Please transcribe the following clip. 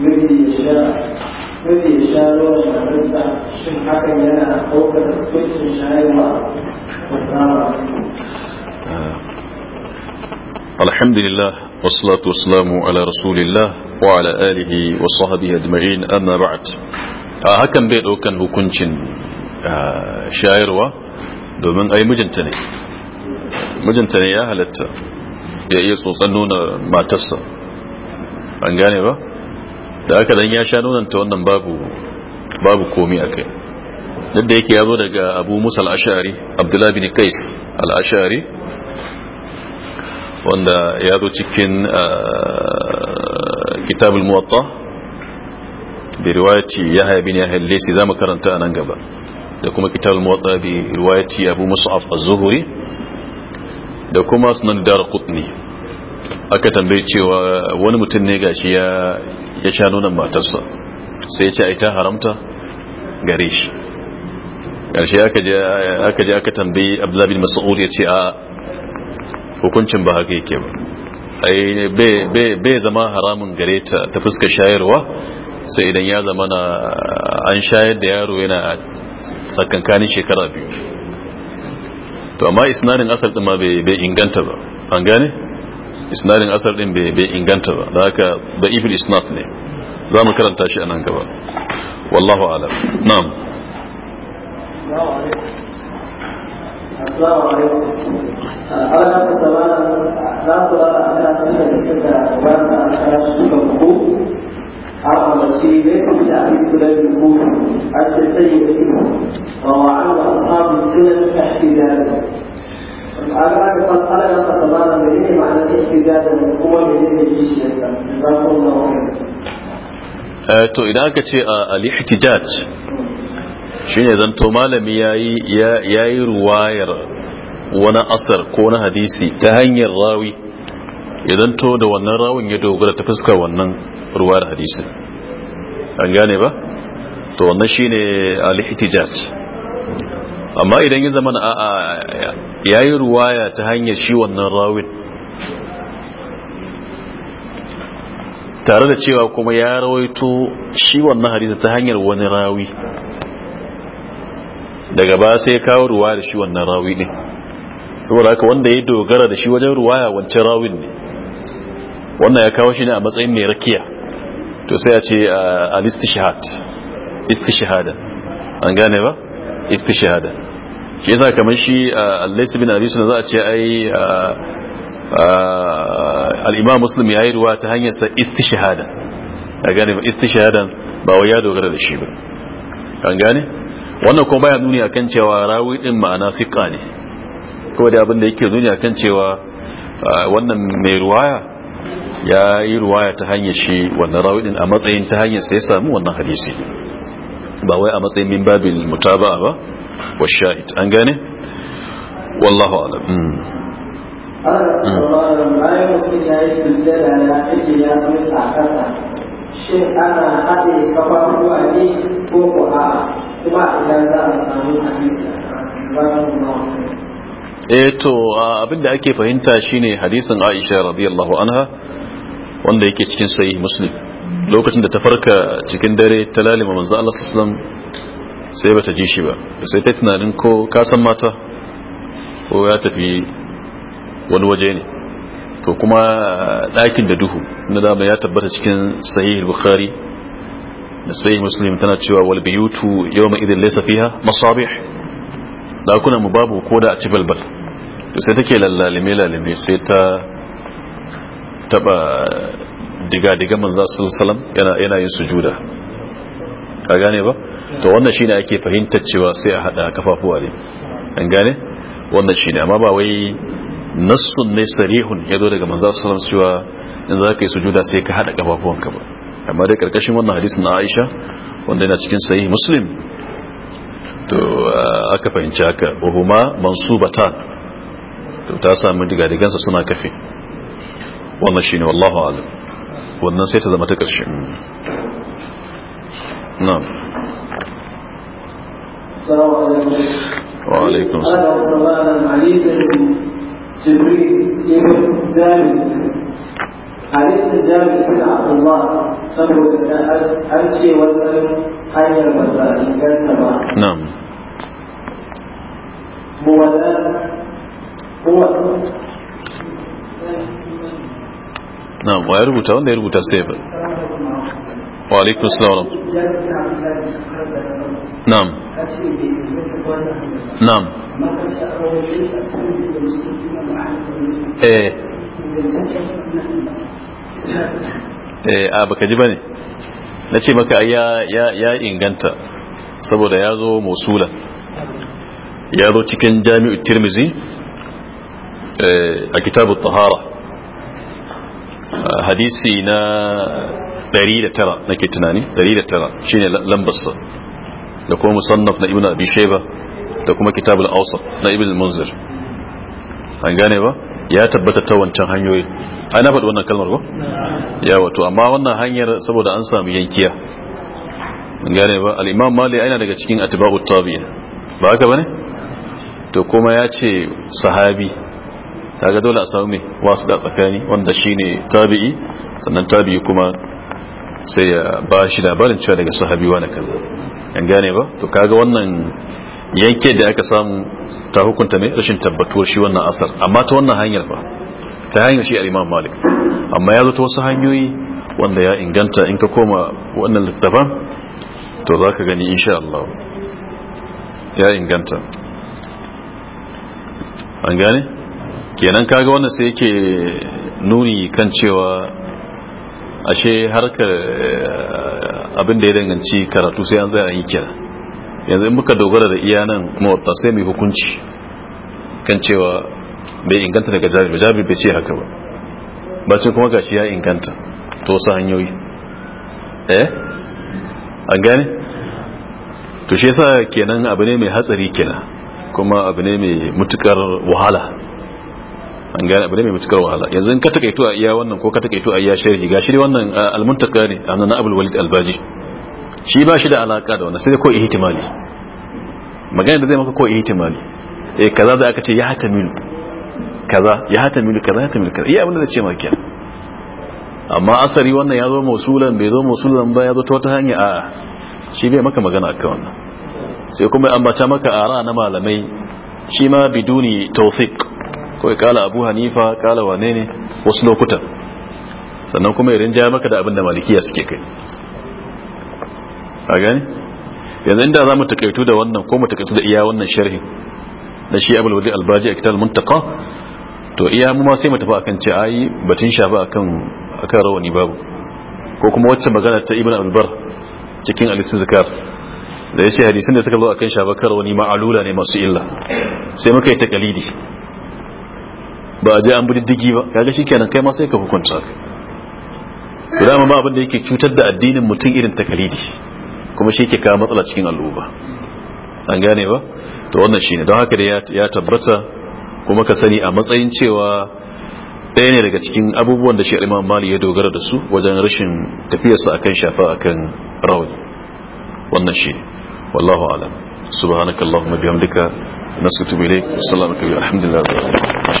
آه. الحمد لله والصلاة والسلام على رسول الله وعلى آله وصحبه أجمعين أما بعد آه، هكذا بيت كان هكونشن آه، شائر دومن أي مجنتني مجنتني يا هلت يا إيه سوصنون ما تسا أنجاني با da aka dan ya sha ta wannan babu babu komi a kai duk da yake ya zo daga abu musa Al-Ashari abdullahi bin kais Al-Ashari. wanda ya zo cikin ah, kitab al-muwatta bi riwayati yahya bin yahya al-laysi zamu karanta nan gaba da kuma kitab al-muwatta bi riwayati abu mus'ab az-zuhri da kuma sunan darqutni aka tambaye cewa wani mutum ne gashi ya ya sha nunan matarsa sai ya ce ai ta haramta gare shi ƙarshe aka je aka tambayi abdullabi mas'ud ya ce a hukuncin ba haka yake ba ai bai zama haramun gare ta ta fuska shayarwa sai idan ya zama na an shayar da yaro yana tsakankanin shekara biyu to amma isnadin asal ɗin ma bai inganta ba an gane? isnadin asar din bai inganta ba da haka da ifil isnad ne za mu karanta shi a nan gaba wallahu alam na'am السلام عليكم. من أهل كلاب الكوفة السيد وهو عن أصحاب السنة تحت ذلك. الآن قد قال to mana mai ne a ihtidadin kuma mai ne kishiyarsa eh, to idan aka ce al-ihtijaj shine zanto malami yayi yayi ruwayar wani asar ko na hadisi ta hanyar rawi idan to da wannan rawin ya dogara ta fuskar wannan ruwayar hadisi an gane ba to wannan shine al-ihtijaj amma idan ya zama a'a yayi ruwaya ta hanyar shi wannan rawin tare da cewa kuma ya rawaito shi wannan hadisi ta hanyar wani rawi daga ba sai kawo ruwa da shi wannan rawi ne saboda haka wanda ya dogara da shi wajen ruwaya wancan rawin ne wannan ya kawo shi ne a matsayin mai rakiya to sai a ce a listi shahada. an gane ba istishahada shi yasa kamar shi al-laysa bin abi sunna za a ce ai al-imam muslim ya yi ruwa ta hanyar sa istishhada a gane ba istishhadan ba wai ya dogara da shi ba Kan gane wannan kuma baya nuni akan cewa rawi din ma'ana fiqa ne ko da abin da yake nuni akan cewa wannan mai ruwaya ya yi ruwaya ta hanyar shi wannan rawi din a matsayin ta hanyar sa ya samu wannan hadisi ba wai a matsayin min babin mutaba'a ba wa shahid an gane wallahu alam ko kuma idan za a samu to abinda ake fahimta shine hadisin Aisha radiyallahu anha wanda yake cikin sahih Muslim lokacin da ta farka cikin dare ta lalima manzo Allah sallallahu alaihi wasallam sai bata ji shi ba sai ta tunanin ko kasan mata ko ya tafi wani waje ne to kuma ɗakin da duhu na dama ya tabbata cikin sahih bukhari da sahih muslim tana cewa wal biyutu yawma idin laysa fiha masabih dakunan mu babu ko da a ci balbal to sai take lallalime lalime sai ta taba diga diga manzo sallallahu alaihi wasallam yana yana yin sujuda ka gane ba to wannan shine ake fahimtar cewa sai a hada kafafuwa ne an gane wannan shine amma ba wai nassun ne sarihun yazo daga manzo sallallahu alaihi cewa in za ka yi sujuda sai ka hada kafafuwanka ba amma dai karkashin wannan hadisin na Aisha wanda yana cikin sahih Muslim to aka fahimci haka uhuma mansubatan to ta samu digadigansa suna kafe wannan shine wallahu alim wannan sai ta zama ta karshe hmm. na'am السلام عليكم وعليكم السلام هذا صلاة حديث جبريل ابن زامل حديث زامل بن عبد الله أبو أمشي والألم أن المسائل كالسماء نعم هو هو نعم ويربط ولا السيف وعليكم السلام ورحمة الله na'am na'am eh, eh baka ji bane na ce maka ya inganta saboda ya zo musula ya zo cikin jami'u tirmizi eh, a kitabu tahara hadisi na 109 nake tunani 109 shine lambarsa da kuma musannaf na ibn abi shayba da kuma kitabul awsat na ibn munzir an gane ba ya tabbata ta wancan hanyoyi ai na faɗi wannan kalmar ba ya wato amma wannan hanyar saboda an samu yankiya an gane ba al-imam mali aina daga cikin atba'u tabi'in ba haka bane to kuma ya ce sahabi kaga dole a samu me wasu da tsakani wanda shine tabi'i sannan tabi'i kuma sai ya ba shi labarin cewa daga sahabi wani kaza an gane ba to kaga wannan yanke da aka samu ta hukunta mai rashin tabbatuwar shi wannan asar amma ta wannan hanyar ba ta hanyar shi al-imam malik amma ya zo ta wasu hanyoyi wanda ya inganta in ka koma wannan littafan to za ka gani insha Allah ya inganta an gane kenan kaga wannan sai yake nuni kan cewa ashe harkar eh, abin da ya danganci karatu sai an zai an yi kira yanzu in muka dogara da iya nan mawata sai mai hukunci kan cewa bai inganta daga jabir jabir bai ce haka ba bacin kuma gashi ya inganta to wasu hanyoyi eh an gane to shi yasa kenan abu ne mai hatsari kenan kuma abu ne mai mutukar wahala an gane abu ne mai matukar wahala yanzu ka takaito a iya wannan ko ka takaito a iya sharhi ga shi wannan almuntaka ne a nan abul walid albaji shi ba shi da alaka da wannan sai ko ihtimali magana da zai maka ko ihtimali eh kaza da aka ce ya hata kaza ya hata kaza ya hata kaza iya abin da ce maka kenan amma asari wannan ya zo mausulan bai zo mausulan ba ya zo ta wata hanya a shi bai maka magana akan wannan sai kuma an bata maka ara na malamai shi ma biduni tawfiq kawai kala abu hanifa kala wane ne wasu lokutan sannan kuma irin jaya maka da abin da malikiya suke kai a gani yanzu inda za mu takaitu da wannan ko mu takaitu da iya wannan sharhin na shi abul wadi albaji a kitab muntaka to iya mu ma sai mu tafi akan ce ayi batun shafa akan akan rawani babu ko kuma wacce magana ta ibn albar cikin alisun zakar da ya ce hadisin da suka zo akan shafa kan rawani ma'alula ne masu illa sai muka yi takalidi ba a je an bididdigi ba kaga shikenan kai ma sai ka hukunta ka dama ma abin da yake cutar da addinin mutum irin takalidi kuma shi yake kawo matsala cikin al'umma an gane ba to wannan shine don haka da ya tabbata kuma ka sani a matsayin cewa ɗaya ne daga cikin abubuwan da shi imam mali ya dogara da su wajen rashin tafiyarsa akan shafa akan rawani wannan shi ne wallahu alam subhanakallahumma bihamdika naskatu bilayk sallallahu alaihi wa sallam